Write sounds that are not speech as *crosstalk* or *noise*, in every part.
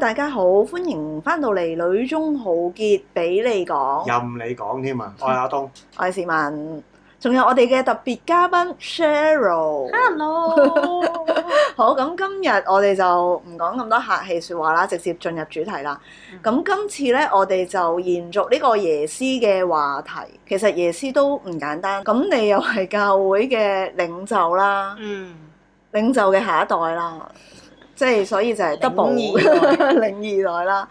大家好，歡迎翻到嚟《女中豪傑》，俾你，你講，任你講添啊！我係阿東，我係市民，仲有我哋嘅特別嘉賓 Cheryl Hello， *laughs* 好！咁今日我哋就唔講咁多客氣説話啦，直接進入主題啦。咁、嗯、今次呢，我哋就延續呢個耶絲嘅話題。其實耶絲都唔簡單。咁你又係教會嘅領袖啦，嗯、領袖嘅下一代啦。即係所以就係得保二零二代啦。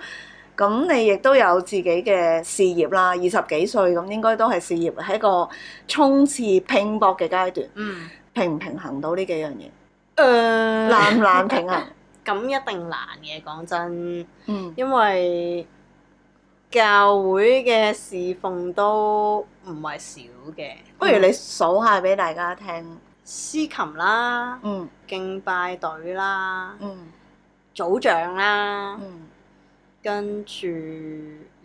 咁 *laughs* 你亦都有自己嘅事業啦，二十幾歲咁應該都係事業喺一個衝刺拼搏嘅階段。嗯，平唔平衡到呢幾樣嘢？誒、嗯、難唔難平衡？咁 *laughs* 一定難嘅，講真。嗯。因為教會嘅侍奉都唔係少嘅，嗯、不如你數下俾大家聽。司琴啦，敬拜隊啦，組長啦，跟住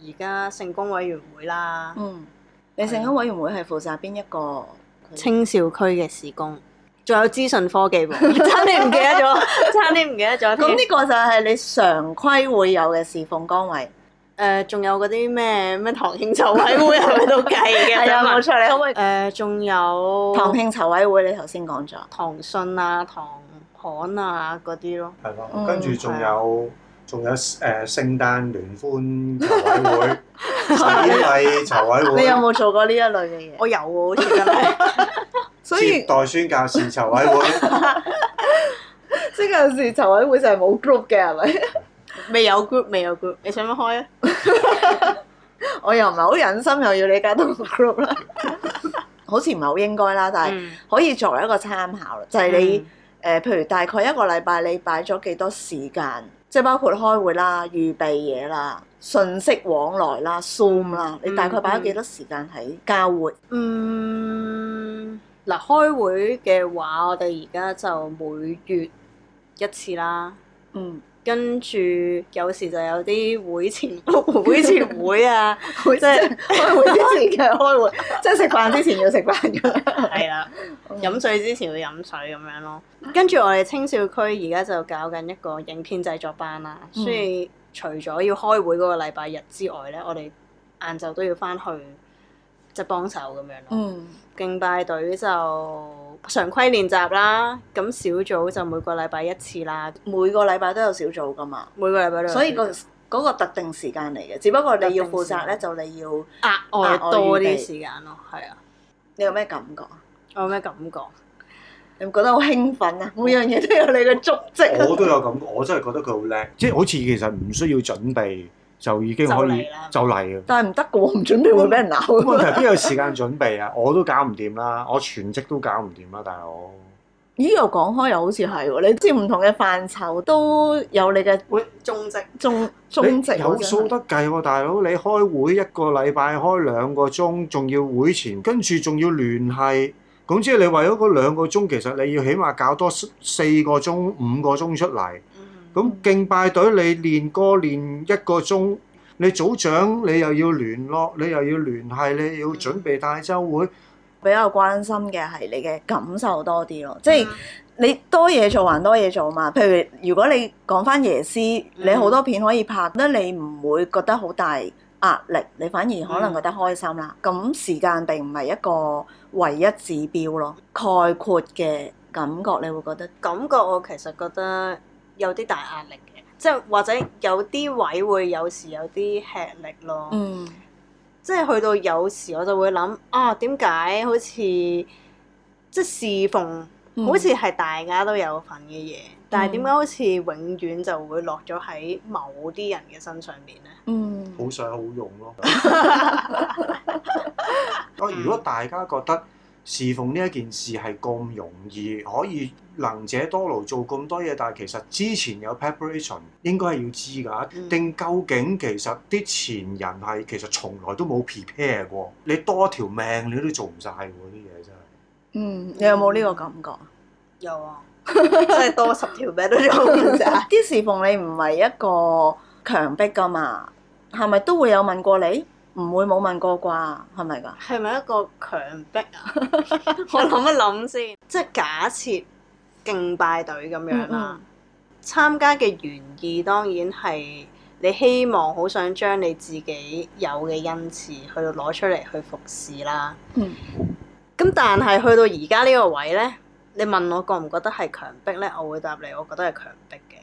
而家聖工委員會啦。嗯、你聖工委員會係負責邊一個青少區嘅事工？仲有資訊科技部，差啲唔記得咗， *laughs* *laughs* 差啲唔記得咗。咁呢個就係你常規會有嘅侍奉崗位。誒，仲、呃、有嗰啲咩咩唐慶籌委會喺度計嘅，係啊、 *laughs* 嗯，莫 Sir 你可唔可以？誒、呃，仲有唐慶籌委會，你頭先講咗唐信啊、唐刊啊嗰啲咯。係咯、啊，跟住仲有仲、嗯啊、有誒、呃、聖誕聯歡籌委會、神醫委籌委會。 *laughs* 你有冇做過呢一類嘅嘢？我有喎，好似真係 *laughs* 所以代宣教士籌委會，即教士籌委會就係冇 group 嘅，係咪？未有 group，未有 group，你想唔想開啊？我又唔係好忍心又要你加到個 group 啦。好似唔係好應該啦，但係可以作為一個參考咯。嗯、就係你誒、呃，譬如大概一個禮拜你擺咗幾多時間，即係、嗯、包括開會啦、預備嘢啦、信息往來啦、zoom 啦，你大概擺咗幾多時間喺教會？嗯，嗱、嗯啊，開會嘅話，我哋而家就每月一次啦。嗯。跟住有時就有啲會前會前會啊，即係開會之前嘅開會，即係食飯之前要食飯，係啦，飲水之前要飲水咁樣咯。跟住我哋青少區而家就搞緊一個影片製作班啦， *laughs* 所以除咗要開會嗰個禮拜日之外咧，mm. 我哋晏晝都要翻去。就幫手咁樣咯，嗯、敬拜隊就常規練習啦。咁小組就每個禮拜一次啦。每個禮拜都有小組噶嘛。每個禮拜都有小組。所以、嗰個嗰、嗰個特定時間嚟嘅，只不過你要負責咧，就你要額外多啲時間咯。係啊，你有咩感覺啊？我有咩感覺？你唔覺得好興奮啊？每樣嘢都有你嘅足跡 *laughs* 我。我都有感覺，我真係覺得佢 *laughs* 好叻，即係好似其實唔需要準備。就已經可以，就嚟啊！但係唔得㗎，我唔準備會俾人鬧。問題邊有時間準備啊？ *laughs* 我都搞唔掂啦，我全職都搞唔掂啦，大佬，我咦又講開又好似係喎，你知唔同嘅範疇都有你嘅會種植種種植有數得計喎、啊，大佬！你開會一個禮拜開兩個鐘，仲要會前跟住仲要聯繫，總之你為咗嗰兩個鐘，其實你要起碼搞多四個鐘、五個鐘出嚟。咁敬拜隊你練歌練一個鐘，你組長你又要聯絡，你又要聯繫，你要準備帶周會，比較關心嘅係你嘅感受多啲咯。即係 Yeah. 你多嘢做還多嘢做嘛。譬如如果你講翻耶絲，你好多片可以拍，咧 Yeah. 你唔會覺得好大壓力，你反而可能覺得開心啦。咁 Yeah. 時間並唔係一個唯一指標咯。概括嘅感覺，你會覺得感覺我其實覺得。有啲大壓力嘅，即係或者有啲位會有時有啲吃力咯。嗯。即係去到有時我就會諗，啊點解好似即侍奉，好似係大家都有份嘅嘢，嗯、但係點解好似永遠就會落咗喺某啲人嘅身上面咧？嗯。好想好用咯。我如果大家覺得，侍奉呢一件事係咁容易，可以能者多勞做咁多嘢，但係其實之前有 preparation 應該係要知㗎。定究竟其實啲前人係其實從來都冇 prepare 過，你多條命你都做唔晒喎，啲嘢真係。嗯，你有冇呢個感覺？有啊， *laughs* *laughs* 真係多十條命都做唔晒。啲侍 *laughs* 奉你唔係一個強迫㗎嘛，係咪都會有問過你？唔會冇問過啩，係咪噶？係咪 *laughs* 一個強迫？啊？我諗一諗先，即係假設敬拜隊咁樣啦，嗯嗯參加嘅原意當然係你希望好想將你自己有嘅恩賜去攞出嚟去服侍啦。咁、嗯、但係去到而家呢個位呢，你問我覺唔覺得係強迫呢？我會答你，我覺得係強迫嘅，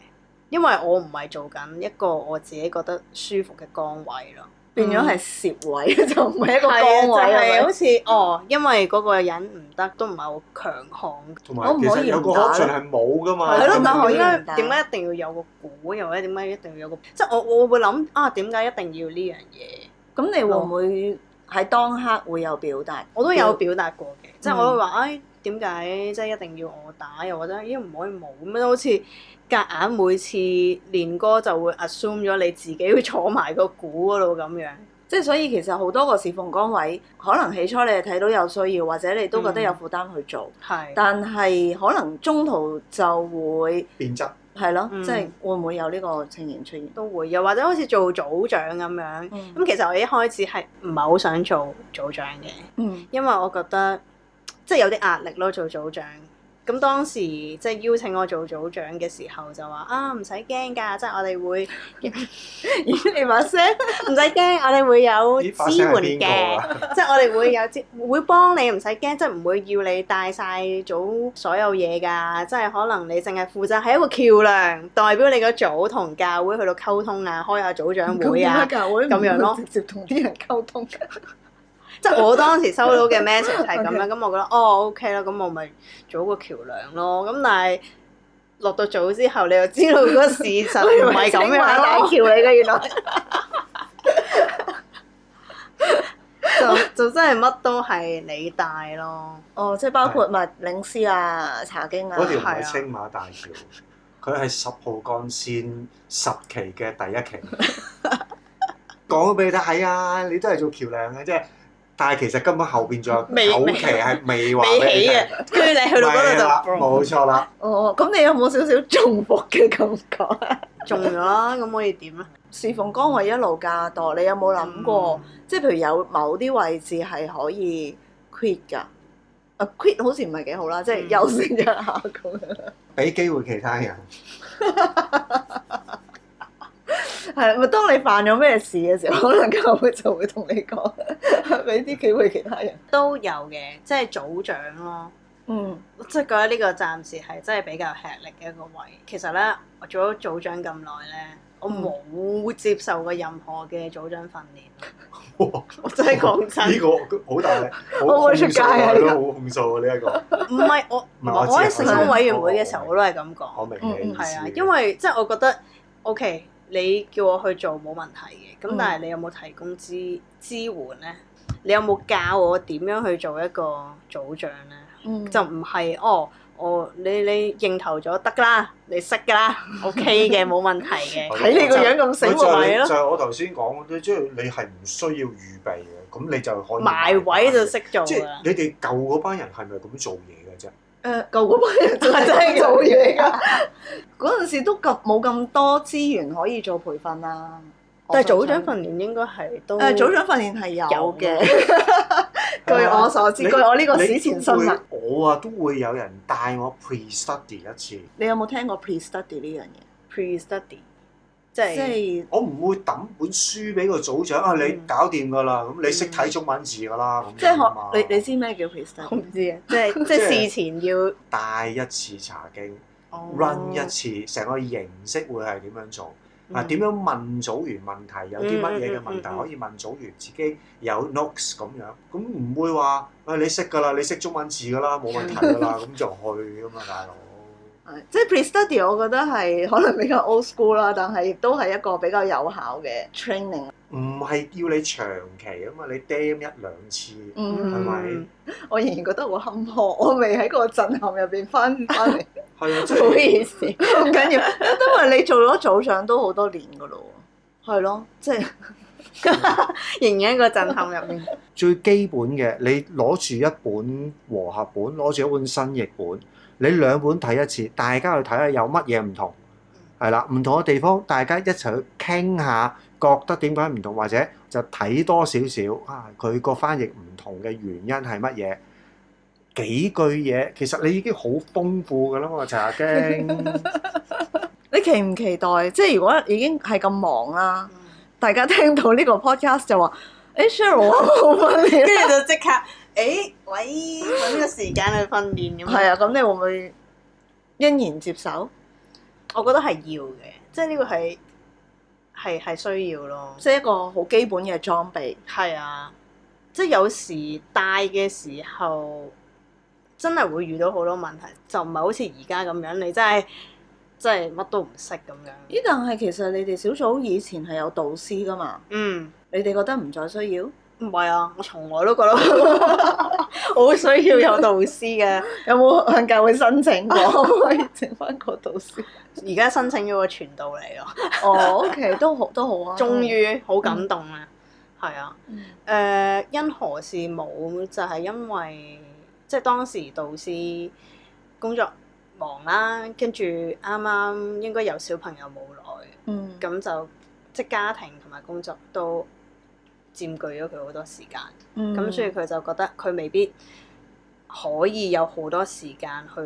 因為我唔係做緊一個我自己覺得舒服嘅崗位咯。嗯、變咗係攝位， *laughs* 就唔係一個崗位咯。係、啊、就係、是、好似 *laughs* 哦，因為嗰個人唔得，都唔係好強項，都唔有可以打。其實有個樂趣係冇噶嘛。係咯對，但係我應該點解一定要有個鼓，又或者點解一定要有個？即、就、係、是、我我會諗啊，點解一定要呢樣嘢？咁你會唔會喺當刻會有表達？我都有表達過嘅，即、就、係、是、我會話誒。哎點解即係一定要我打？又或者因為唔可以冇咁樣，都好似夾硬每次練歌就會 assume 咗你自己要坐埋個鼓嗰度咁樣。即係所以其實好多個侍奉崗位，可能起初你係睇到有需要，或者你都覺得有負擔去做。係、嗯。但係可能中途就會變質成。係咯，嗯、即係會唔會有呢個情形出現？都會又或者好似做組長咁樣。咁、嗯嗯、其實我一開始係唔係好想做組長嘅，嗯、因為我覺得。即係有啲壓力咯，做組長。咁當時即係邀請我做組長嘅時候，就話啊唔使驚㗎，即係我哋會 *laughs* 你話聲唔使驚，我哋會有支援嘅、啊。即係我哋會有支會幫你，唔使驚。即係唔會要你帶晒組所有嘢㗎。即係可能你淨係負責係一個橋梁，代表你個組同教會去到溝通啊，開下組長會啊，教會咁樣咯，直接同啲人溝通、啊。 *laughs* 即係我當時收到嘅 message 係咁樣，咁 Okay. 我覺得哦 OK 啦，咁我咪做個橋梁咯。咁但係落到做之後，你又知道嗰事實唔係咁樣咯。原來就就真係乜都係你帶咯。哦，即係包括咪領詩啊、查經啊。嗰條唔係青馬大橋，佢係十號幹線十期嘅第一期。講咗俾你睇係啊，你都係做橋梁嘅啫。但係其實根本後邊仲有未。好期係未畫起嘅，距離去到嗰度就冇 *laughs* 錯啦了。哦，咁你有冇少少中伏嘅感覺？ *laughs* 中咗啦，咁可以點咧？事奉崗位一路加多，你有冇諗過？嗯、即係譬如有某啲位置係可以 quit 噶？啊、uh，quit 好似唔係幾好啦，即係休息一下咁樣。俾、嗯、 *laughs* 機會其他人。 *laughs* 係咪？當你犯咗咩事嘅時候，可能教會就會同你講，俾啲機會其他人都有嘅，即係組長咯。嗯，我真係覺得呢個暫時係真係比較吃力嘅一個位。其實咧，我做咗組長咁耐咧，我冇接受過任何嘅組長訓練。哇！我真係講真，呢個好大力，我會出街啦，好控訴啊！呢一個唔係我，我喺成功委員會嘅時候，我都係咁講。我明你意思。係啊，因為即係我覺得 OK。你叫我去做冇問題嘅，咁但係你有冇提供支支援咧？你有冇教我點樣去做一個組長咧？嗯、就唔係哦，我、哦、你你認投咗得啦，你識㗎啦，OK 嘅冇問題嘅。睇 *laughs* 你個樣咁醒目係咯。就係、是就是就是、我頭先講，即、就、係、是、你係唔需要預備嘅，咁你就可以埋位就識做。你哋舊嗰班人係咪咁做嘢嘅啫？誒舊嗰班人真係做嘢噶，嗰陣 *laughs* *laughs* 時都冇咁多資源可以做培訓啦。但係組長訓練應該係都誒組長訓練係有嘅。有的 *laughs* 據我所知， *laughs* 你據我呢個史前生物，我啊都會有人帶我 pre study 一次。你有冇聽過 pre study 呢樣嘢？pre study 即係我唔會抌本書俾個組長啊，你搞掂㗎啦，咁你識睇中文字㗎啦，咁樣你你知咩叫 p r 我唔知啊，即係事前要帶一次查經，run 一次，成個形式會係點樣做啊？點樣問組員問題？有啲乜嘢嘅問題可以問組員？自己有 notes 咁樣，咁唔會話啊，你識㗎啦，你識中文字㗎啦，冇問題㗎啦，咁就去㗎嘛，大佬。即係 pre-study，我覺得係可能比較 old school 啦，但係亦都係一個比較有效嘅 training。唔係要你長期啊嘛，你 damn 一兩次，係咪、嗯？吧我仍然覺得好坎坷，我未喺個震撼入邊翻翻嚟。係 *laughs* 啊，真係唔好意思，好緊要，因為你做咗組長都好多年噶啦喎。係咯， *laughs* 即係， *laughs* 仍然喺個震撼入面。 *laughs* 最基本嘅，你攞住一本和合本，攞住一本新譯本。你兩本睇一次，大家去睇下有乜嘢唔同，係啦，唔同嘅地方，大家一齊去傾下，覺得點解唔同，或者就睇多少少啊，佢個翻譯唔同嘅原因係乜嘢？幾句嘢，其實你已經好豐富㗎啦，我查下經。 *laughs* 你期唔期待？即係如果已經係咁忙啦，大家聽到呢個 podcast 就話：哎、欸，Cheryl、哦，我唔理啦，跟住就即刻。誒，揾揾個時間去訓練咁。係 *laughs* 啊，咁你會唔會欣然接受？我覺得係要嘅，即係呢個係係係需要咯。即係一個好基本嘅裝備。係啊，即係有時帶嘅時候，真係會遇到好多問題，就唔係好似而家咁樣，你真係真係乜都唔識咁樣。咦？但係其實你哋小組以前係有導師噶嘛？嗯。你哋覺得唔再需要？唔係啊！我從來都覺得好 *laughs* *laughs* 需要有導師嘅， *laughs* 有冇向教會申請過？可唔可以整翻個導師？而家申請咗個傳道嚟咯。哦、oh，OK， *laughs* 都好都好啊。終於好感動、嗯、啊！係、呃、啊，誒因何事冇？就係、是、因為即係、就是、當時導師工作忙啦，跟住啱啱應該有小朋友冇耐，咁、嗯、就即係家庭同埋工作都。佔據咗佢好多時間，咁、嗯、所以佢就覺得佢未必可以有好多時間去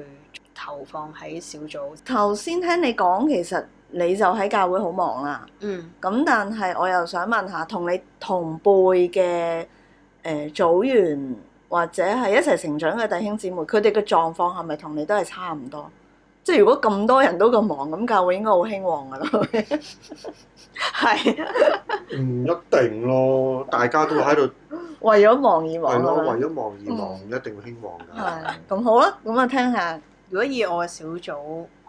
投放喺小組。頭先聽你講，其實你就喺教會好忙啦、啊。嗯。咁但係我又想問下，同你同輩嘅誒組員或者係一齊成長嘅弟兄姊妹，佢哋嘅狀況係咪同你都係差唔多？即係如果咁多人都咁忙，咁教會應該好興旺噶咯？係 *laughs* 唔、啊、一定咯，大家都喺度為咗忙而忙啊嘛，為咗忙而忙唔、嗯、一定興旺㗎。係，咁好啦，咁啊聽下，如果以我嘅小組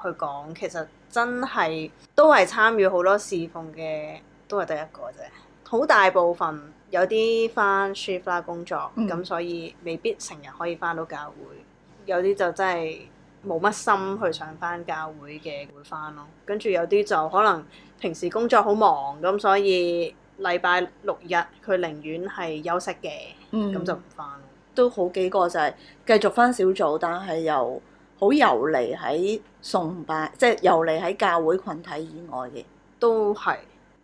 去講，其實真係都係參與好多侍奉嘅，都係得一個啫。好大部分有啲翻 shift 啦，工作，咁、嗯、所以未必成日可以翻到教會，有啲就真係。冇乜心去上返教會嘅會返咯，跟住有啲就可能平時工作好忙咁，所以禮拜六日佢寧願係休息嘅，咁、嗯、就唔返咯。都好幾個就係繼續返小組，但係又好遊離喺崇拜，即係遊離喺教會群體以外嘅，都係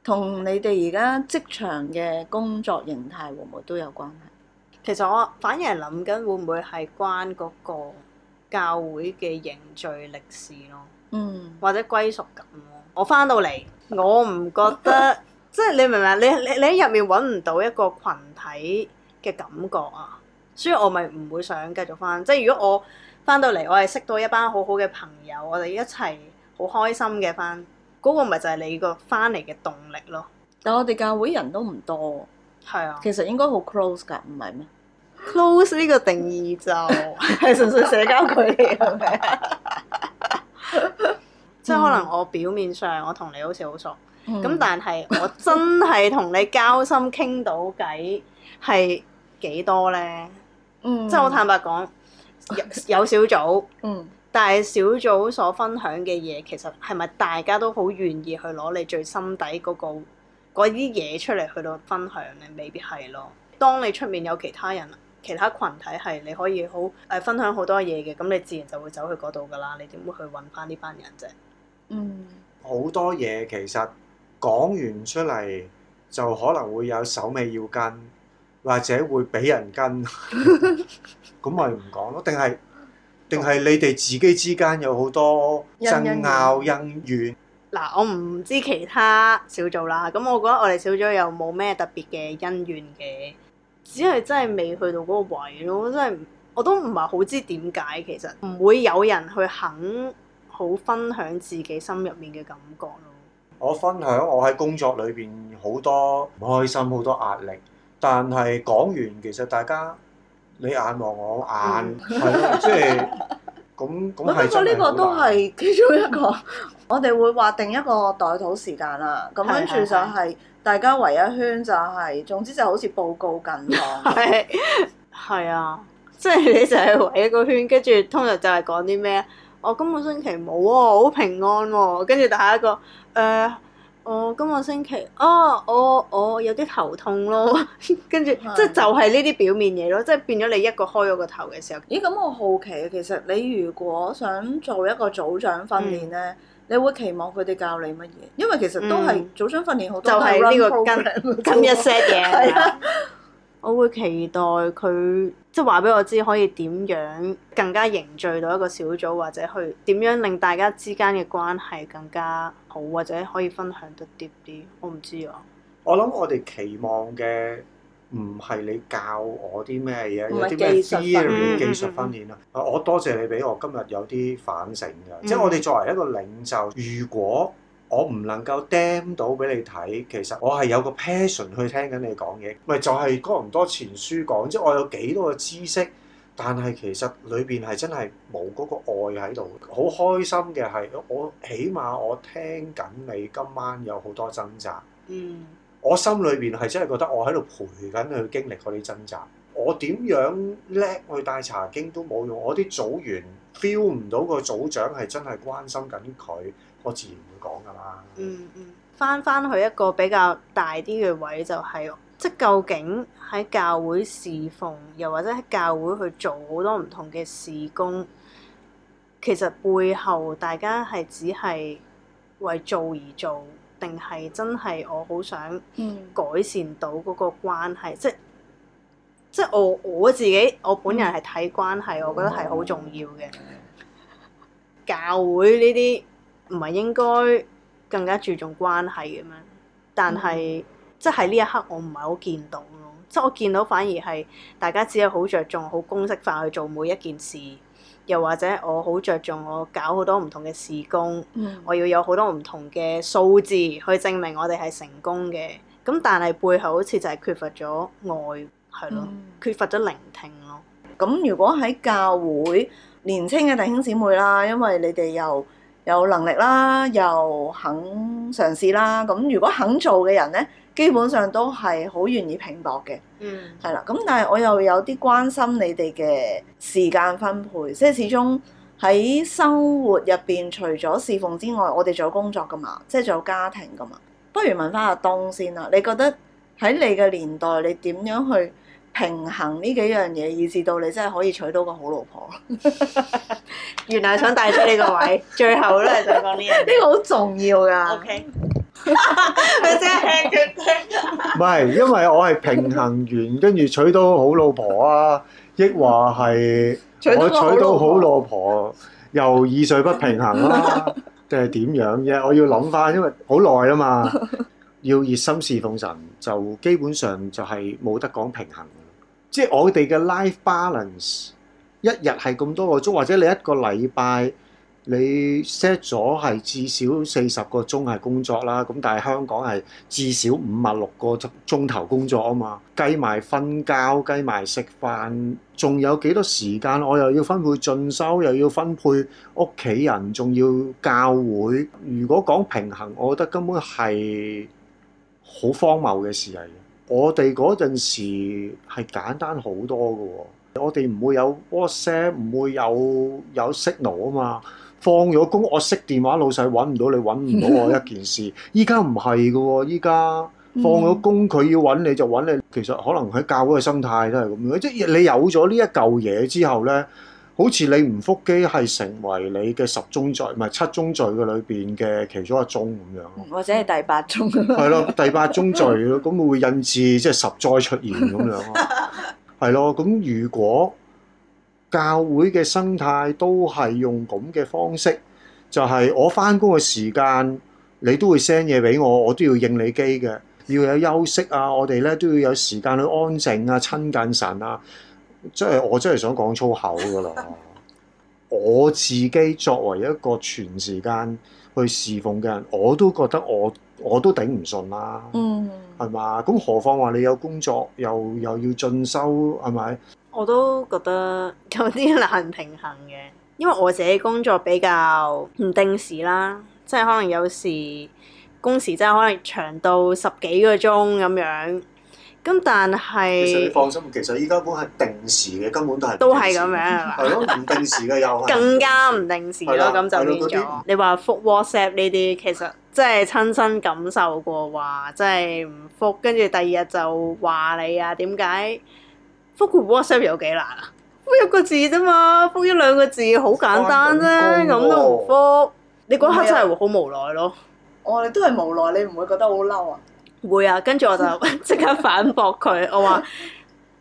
同你哋而家職場嘅工作形態會唔會都有關係？其實我反而係諗緊會唔會係關嗰個教會嘅凝聚力史咯，嗯、或者歸屬感咯。我翻到嚟，我唔覺得， *laughs* 即係你明唔明啊？你你你喺入面揾唔到一個群體嘅感覺啊，所以我咪唔會想繼續翻。即係如果我翻到嚟，我係識到一班好好嘅朋友，我哋一齊好開心嘅翻，嗰、嗰個咪就係你個翻嚟嘅動力咯。但我哋教會人都唔多，係啊，其實應該好 close 㗎，唔係咩？close 呢個定義就係純粹社交距離係咪？ *laughs* *laughs* 即係可能我表面上我同你好似好熟，咁 *laughs* 但係我真係同你交心傾到偈係幾多咧？ *laughs* 即係我坦白講，有有小組， *laughs* 但係小組所分享嘅嘢，其實係咪大家都好願意去攞你最心底嗰、嗰個嗰啲嘢出嚟去到分享咧？未必係咯。當你出面有其他人，其他群體係你可以好誒、哎、分享好多嘢嘅，咁你自然就會走去嗰度㗎啦。你點會去揾翻呢班人啫？嗯，好多嘢其實講完出嚟就可能會有手尾要跟，或者會俾人跟，咁咪唔講咯？定係，定係你哋自己之間有好多爭拗恩怨？嗱緣，我唔知其他小組啦，咁我覺得我哋小組又冇咩特別嘅恩怨嘅。只係真係未去到嗰個位咯，真係我都唔係好知點解，其實唔會有人去肯好分享自己心入面嘅感覺咯。我分享我喺工作裏邊好多唔開心好多壓力，但係講完其實大家你眼望我眼，係即係咁咁，我覺得呢個都係其中一個，我哋會劃定一個代禱時間啦。咁跟住就係、係。大家圍一圈就係、是，總之就好似報告近況。係 *laughs* 啊，即係你就係圍一個圈，跟住通常就係講啲咩？我、哦、今個星期冇喎、哦，好平安喎、哦。跟住大下一個，誒、呃，我、哦、今個星期啊，我、哦、我、哦哦、有啲頭痛咯。跟住即係就係呢啲表面嘢咯，即係變咗你一個開咗個頭嘅時候。咦？咁我好奇啊，其實你如果想做一個組長訓練咧？嗯。你會期望佢哋教你乜嘢？因為其實都係組長訓練好多 round table 咁一些嘢。我會期待佢即係話俾我知可以點樣更加凝聚到一個小組，或者去點樣令大家之間嘅關係更加好，或者可以分享得啲啲。我唔知啊。我諗我哋期望嘅。唔係你教我啲咩嘢，有啲咩 theory 技術訓練啊！我多謝你俾我今日有啲反省嘅，嗯、即係我哋作為一個領袖，如果我唔能夠釘到俾你睇，其實我係有個 passion 去聽緊你講嘢，咪就係講唔多前書講，即係我有幾多個知識，但係其實裏邊係真係冇嗰個愛喺度。好開心嘅係，我起碼我聽緊你今晚有好多掙扎。嗯。我心裏邊係真係覺得我喺度陪緊佢經歷嗰啲掙扎，我點樣叻去帶查經都冇用，我啲組員 feel 唔到個組長係真係關心緊佢，我自然唔會講㗎啦。嗯嗯，返返去一個比較大啲嘅位就係、是，即究竟喺教會侍奉，又或者喺教會去做好多唔同嘅事工，其實背後大家係只係為做而做。定係真係我好想改善到嗰個關係，嗯、即係即係我我自己我本人係睇關係，嗯、我覺得係好重要嘅。嗯、教會呢啲唔係應該更加注重關係嘅咩？但係、嗯、即係呢一刻我唔係好見到咯，即係我見到反而係大家只有好着重好公式化去做每一件事。又或者我好着重我搞好多唔同嘅事工，嗯、我要有好多唔同嘅數字去證明我哋係成功嘅。咁但係背後好似就係缺乏咗愛，係咯，嗯、缺乏咗聆聽咯。咁、嗯、如果喺教會年青嘅弟兄姊妹啦，因為你哋又有能力啦，又肯嘗試啦，咁如果肯做嘅人咧，基本上都係好願意拼搏嘅，嗯，係啦。咁但係我又有啲關心你哋嘅時間分配，即係始終喺生活入邊除咗侍奉之外，我哋仲有工作㗎嘛，即係仲有家庭㗎嘛。不如問翻阿東先啦，你覺得喺你嘅年代，你點樣去平衡呢幾樣嘢，以至到你真係可以娶到個好老婆？ *laughs* *laughs* *laughs* 原來想帶出呢個位，最後咧想講呢樣，呢 *laughs* 個好重要㗎。 *laughs* okay. 佢真係聽佢聽。唔係， *laughs* *laughs* 因為我係平衡員，跟住娶到好老婆啊，亦話係我娶到好老婆又二歲不平衡啊。定係點樣嘢？我要諗翻，因為好耐啊嘛，要熱心侍奉神，就基本上就係冇得講平衡。即係我哋嘅 life balance，一日係咁多個鐘，或者你一個禮拜。你 set 咗係至少四十個鐘係工作啦，咁但係香港係至少五啊六個鐘頭工作啊嘛，計埋瞓覺，計埋食飯，仲有幾多時間？我又要分配進修，又要分配屋企人，仲要教會。如果講平衡，我覺得根本係好荒謬嘅事嚟嘅。我哋嗰陣時係簡單好多㗎，我哋唔會有 WhatsApp，唔會有有 signal 啊嘛。放咗工，我識電話老細揾唔到你，揾唔到我一件事。依家唔係噶喎，依家放咗工佢要揾你就揾你。其實可能喺教會嘅生態都係咁樣，即係你有咗呢一嚿嘢之後咧，好似你唔復機係成為你嘅十宗罪，唔係七宗罪嘅裏邊嘅其中一宗咁樣咯。或者係第八宗。係 *laughs* 咯，第八宗罪咯，咁會引致即係十災出現咁樣咯。係咯，咁如果。教會嘅生態都係用咁嘅方式，就係、是、我返工嘅時間，你都會 send 嘢俾我，我都要應你機嘅。要有休息啊，我哋咧都要有時間去安靜啊，親近神啊。即、就、係、是、我真係想講粗口噶啦！ *laughs* 我自己作為一個全時間去侍奉嘅人，我都覺得我我都頂唔順啦。嗯，係嘛？咁何況話你有工作，又又要進修，係咪？我都覺得有啲難平衡嘅，因為我自己工作比較唔定時啦，即係可能有時工時真係可能長到十幾個鐘咁樣。咁但係你放心，其實依家本係定時嘅，根本都係都係咁樣，係咯，唔定時嘅 *laughs* 又更加唔定時咯。咁 *laughs* 的就變咗你話覆 WhatsApp 呢啲，其實即係親身感受過話，即係唔覆，跟住第二日就話你啊，點解？復佢 WhatsApp 有幾難啊？復一,一個字啫嘛，復一兩個字好簡單啫，咁都唔復。哦、你嗰刻真係會好無奈咯。我哋、哦、都係無奈，你唔會覺得好嬲啊？會啊，跟住我就即 *laughs* 刻反駁佢，我話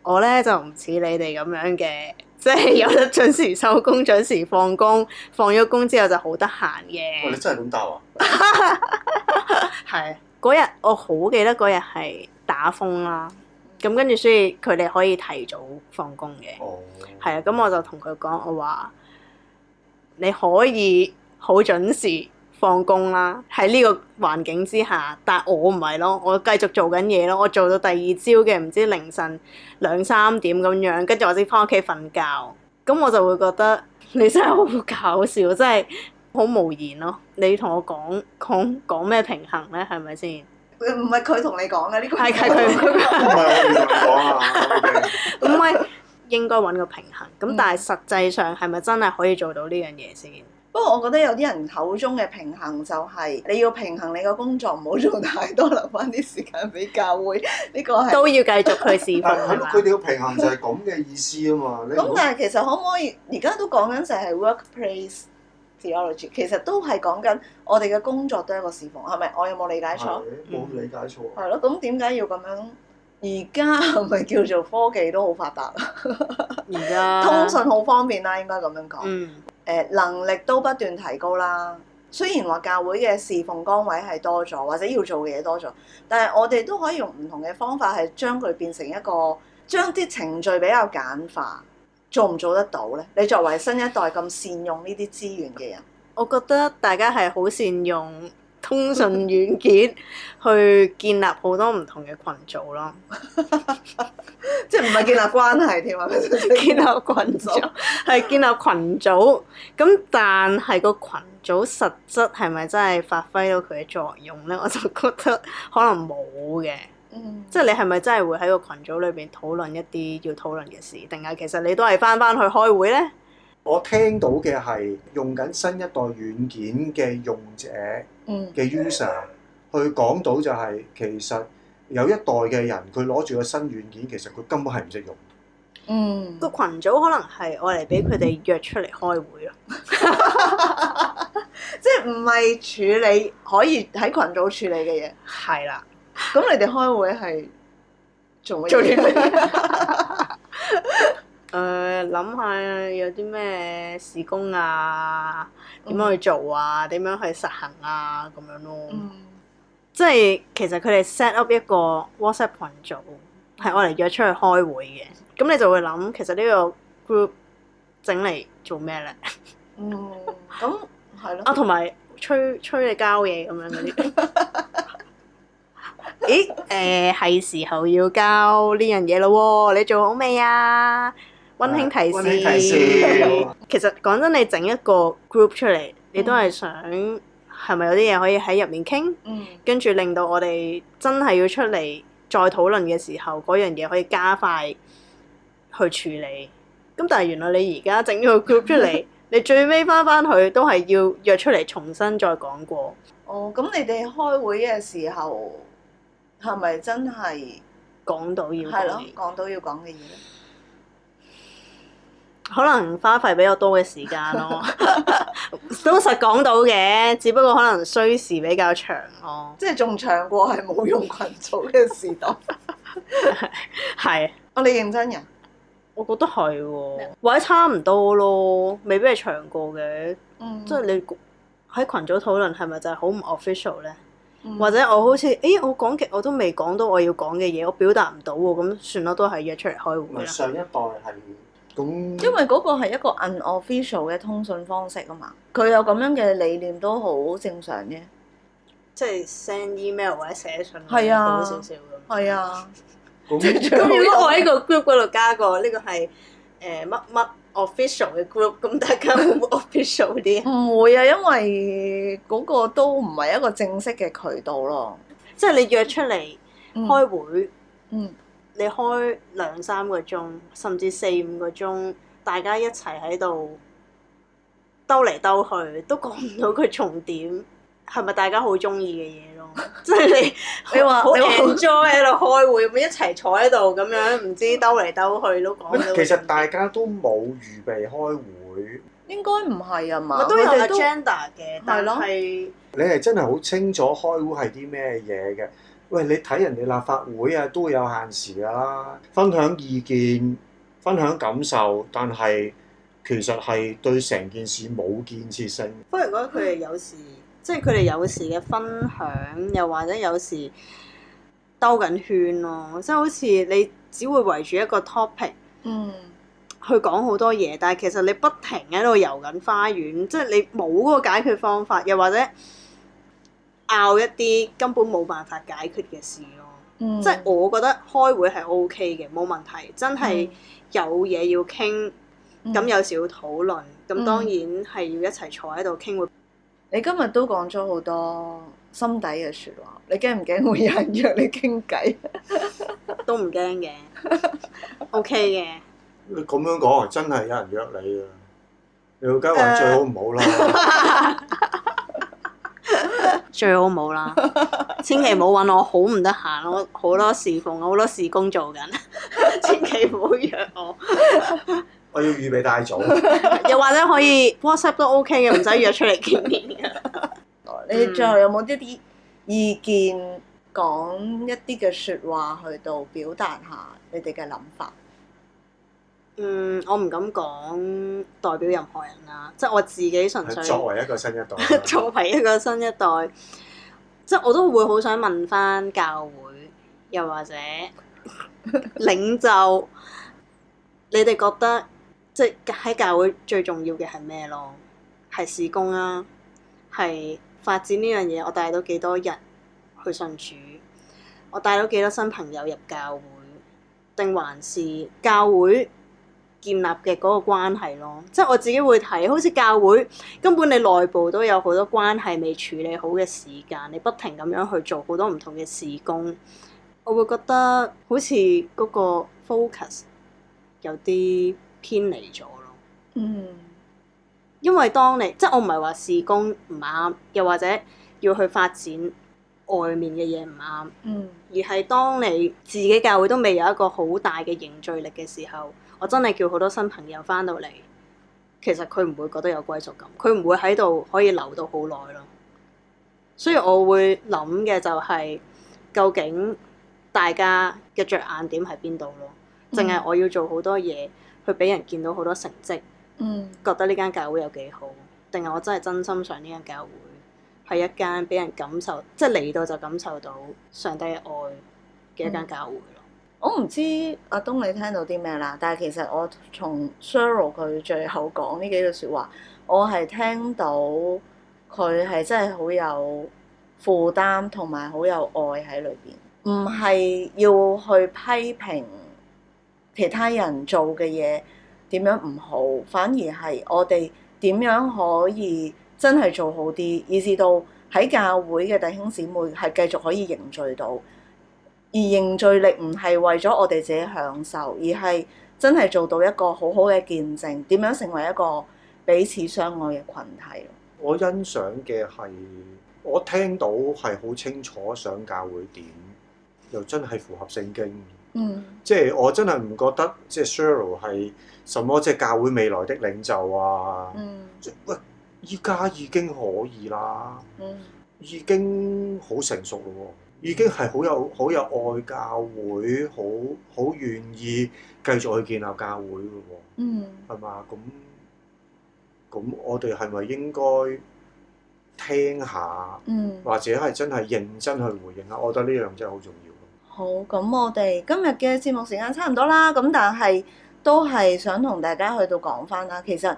我咧就唔似你哋咁樣嘅，即係有得準時收工、準時放工，放咗工之後就好得閒嘅。你真係咁答啊？係。 *laughs* *laughs* 嗰日我好記得嗰日係打風啦。咁跟住，所以佢哋可以提早放工嘅，哦、oh.，係啊。咁我就同佢講，我話你可以好準時放工啦，喺呢個環境之下。但我唔係咯，我繼續做緊嘢咯。我做到第二朝嘅唔知凌晨兩三點咁樣，跟住我先返屋企瞓覺。咁我就會覺得你真係好搞笑，真係好無言咯。你同我講講講咩平衡咧？係咪先？唔係佢同你講嘅呢個，係係佢唔係我同你講啊。唔係應該揾個平衡，咁、嗯、但係實際上係咪真係可以做到呢樣嘢先？不過我覺得有啲人口中嘅平衡就係你要平衡你個工作，唔好做太多，留翻啲時間俾教會。呢、呢個都要繼續去示範。佢哋個平衡就係咁嘅意思啊嘛。咁 *laughs* 但係其實可唔可以而家都講緊就係 workplace。其實都係講緊我哋嘅工作都係一個侍奉，係咪？我有冇理解錯？冇理解錯。係咯，咁點解要咁樣？而家係咪叫做科技都好發達， *laughs* 而家，通訊好方便啦、啊，應該咁樣講。誒、呃，能力都不斷提高啦。雖然話教會嘅侍奉崗位係多咗，或者要做嘅嘢多咗，但係我哋都可以用唔同嘅方法係將佢變成一個將啲程序比較簡化。做唔做得到呢？你作為新一代咁善用呢啲資源嘅人，我覺得大家係好善用通訊軟件去建立好多唔同嘅群組咯， *laughs* 即係唔係建立關係添啊？建立群組係建立群組，咁 *laughs* *laughs* 但係個群組實質係咪真係發揮到佢嘅作用呢？我就覺得可能冇嘅。嗯、即係你係咪真係會喺個群組裏邊討論一啲要討論嘅事，定係其實你都係翻翻去開會呢？我聽到嘅係用緊新一代軟件嘅用者嘅、嗯、的 user 去講到就係，其實有一代嘅人佢攞住個新軟件，其實佢根本係唔識用。嗯，個群組可能係我嚟俾佢哋約出嚟開會咯， *laughs* 即係唔係處理可以喺群組處理嘅嘢。係啦。咁你哋開會係做咩？誒諗、 *laughs* *laughs* 呃、下有啲咩事工啊，點樣去做啊，點樣去實行啊，咁樣咯。嗯、即係其實佢哋 set up 一個 WhatsApp 群組，係我嚟約出去開會嘅。咁你就會諗，其實呢個 group 整嚟做咩咧？咁係咯。啊，同埋催催你交嘢咁樣嗰啲。 *laughs* *laughs* 誒，係、呃、時候要交呢樣嘢咯，你做好未啊？温馨提示。啊、溫馨提示。 *laughs* 其實講真，你整一個 group 出嚟，你都係想係咪、嗯、有啲嘢可以喺入面傾？嗯、跟住令到我哋真係要出嚟再討論嘅時候，嗰樣嘢可以加快去處理。咁但係原來你而家整咗個 group 出嚟， *laughs* 你最尾翻翻去都係要約出嚟重新再講過。哦，咁你哋開會嘅時候。係咪真係講到要講嘅？講到要講嘅嘢，可能花費比較多嘅時間咯。 *laughs* 都實講到嘅，只不過可能需時比較長咯。即係仲長過係冇用群組嘅時代。係。我你認真人？我覺得係喎麼，或者差唔多咯，未必係長過嘅。嗯。即係你喺群組討論係咪就係好唔 official 咧？嗯、或者我好似，誒、欸、我講極我都未講到我要講嘅嘢，我表達唔到喎，咁算啦，都係約出嚟開會上一代係咁。因為嗰個係一個 unofficial 嘅通訊方式啊嘛，佢有咁樣嘅理念都好正常嘅。即係 send email 或者寫信，好好少少咁。係啊。咁如果我喺個 group 嗰度加、個呢個係誒乜乜。呃 official 嘅 group，咁大家會唔會 official 啲？唔、 *laughs* 嗯、會啊，因為嗰個都唔係一個正式嘅渠道咯。即係你約出嚟開會，嗯嗯、你開兩三個鐘，甚至四五個鐘，大家一齊喺度兜嚟兜去，都講唔到佢重點。係咪大家好中意嘅嘢咯？即係 *laughs* 你說 *laughs* 你話好 enjoy 喺度開會，咁一齊坐喺度咁樣，唔知兜嚟兜去都講 *laughs* 其實大家都冇預備開會，應該唔係啊嘛。我都有 agenda 嘅，但係是你係真係好清楚開會係啲咩嘢嘅？喂，你睇人哋立法會啊，都有限時啦、啊，分享意見、分享感受，但係其實係對成件事冇建設性。不然覺得佢哋有時～即係佢哋有時嘅分享，又或者有時兜緊圈咯、啊。即係好似你只會圍住一個 topic，嗯、去講好多嘢，但係其實你不停喺度遊緊花園，即係你冇嗰個解決方法，又或者拗一啲根本冇辦法解決嘅事咯、啊。嗯、即係我覺得開會係 OK 嘅，冇問題。真係有嘢要傾，咁、嗯、有時要討論，咁當然係要一齊坐喺度傾會。你今日都講咗好多心底嘅説話，你驚唔驚會有人約你傾偈？ *laughs* 都唔驚嘅，OK 嘅的。你咁樣講，真係有人約你啊！你老街話最好唔好啦，最好唔好啦，千祈唔好揾我，好唔得閒，我好多事奉，我好多事工做緊，千祈唔好約我。 *laughs* 我要預備大早，又 *laughs* 或者可以 WhatsApp 都 OK 嘅，唔使約出嚟見面啊！ *laughs* 你哋最後有冇一啲意見講、嗯、一啲嘅説話去到表達下你哋嘅諗法？嗯，我唔敢講代表任何人啦，即係我自己純粹作為， *laughs* 作為一個新一代，作為一個新一代，即係我都會好想問翻教會，又或者領袖， *laughs* 你哋覺得？即係喺教會最重要嘅係咩咯？係事工啊，係發展呢樣嘢。我帶到幾多人去信主？我帶到幾多新朋友入教會？定還是教會建立嘅嗰個關係咯？即係我自己會睇，好似教會根本你內部都有好多關係未處理好嘅時間，你不停咁樣去做好多唔同嘅事工，我會覺得好似嗰個 focus 有啲偏離咗咯。嗯，因為當你即係我唔係話事工唔啱，又或者要去發展外面嘅嘢唔啱。嗯，而係當你自己教會都未有一個好大嘅凝聚力嘅時候，我真係叫好多新朋友返到嚟，其實佢唔會覺得有歸屬感，佢唔會喺度可以留到好耐咯。所以，我會諗嘅就係、是、究竟大家嘅着眼點喺邊度咯？淨係我要做好多嘢。佢俾人見到好多成績，覺得呢間教會有幾好，定係我真係真心想呢間教會係一間俾人感受，即係嚟到就感受到上帝嘅愛嘅一間教會咯。嗯。我唔知阿東你聽到啲咩啦，但係其實我從 Cheryl 佢最後講呢幾句説話，我係聽到佢係真係好有負擔同埋好有愛喺裏邊，唔係要去批評。其他人做嘅嘢點樣唔好，反而係我哋點樣可以真係做好啲，以至到喺教會嘅弟兄姊妹係繼續可以凝聚到。而凝聚力唔係為咗我哋自己享受，而係真係做到一個好好嘅見證，點樣成為一個彼此相愛嘅群體。我欣賞嘅係我聽到係好清楚，想教會點，又真係符合聖經。嗯，即係我真係唔覺得，即係 Cheryl 係什麼即係教會未來的領袖啊。嗯，喂，依家已經可以啦，嗯，已，已經好成熟咯，已經係好有好有愛教會，好好願意繼續去建立教會嘅。嗯，係嘛？咁咁我哋係咪應該聽下？嗯，或者係真係認真去回應啊？我覺得呢樣真係好重要。好，咁我哋今日嘅節目時間差唔多啦，咁但係都係想同大家去到講返啦。其實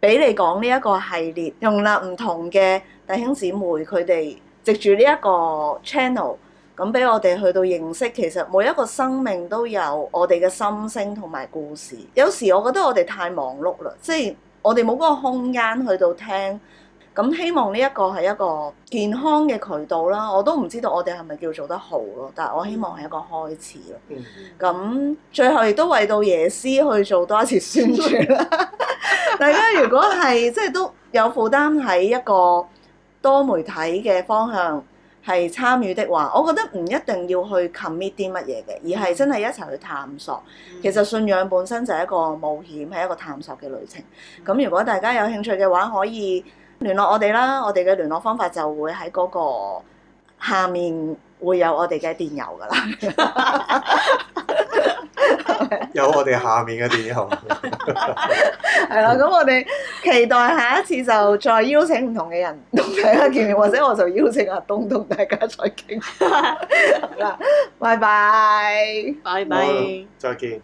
俾你講呢一個系列，用立唔同嘅弟兄姊妹，佢哋藉住呢一個 channel，咁俾我哋去到認識，其實每一個生命都有我哋嘅心聲同埋故事。有時我覺得我哋太忙碌啦，即係我哋冇嗰個空間去到聽。咁希望呢一個係一個健康嘅渠道啦，我都唔知道我哋係咪叫做得好咯，但係我希望係一個開始咯。咁最後亦都為到耶絲去做多一次宣傳啦。 *laughs* 大家如果係即係都有負擔喺一個多媒體嘅方向係參與的話，我覺得唔一定要去 commit 啲乜嘢嘅，而係真係一齊去探索。其實信仰本身就係一個冒險，係一個探索嘅旅程。咁如果大家有興趣嘅話，可以，聯絡我哋啦，我哋嘅聯絡方法就會喺嗰個下面會有我哋嘅電郵㗎喇，有我哋下面嘅電郵 *laughs* *laughs* *laughs* 。係啦，咁我哋期待下一次就再邀請唔同嘅人同大家見面，或者我就邀請阿東同大家再傾。好啦，拜拜，拜拜，再見。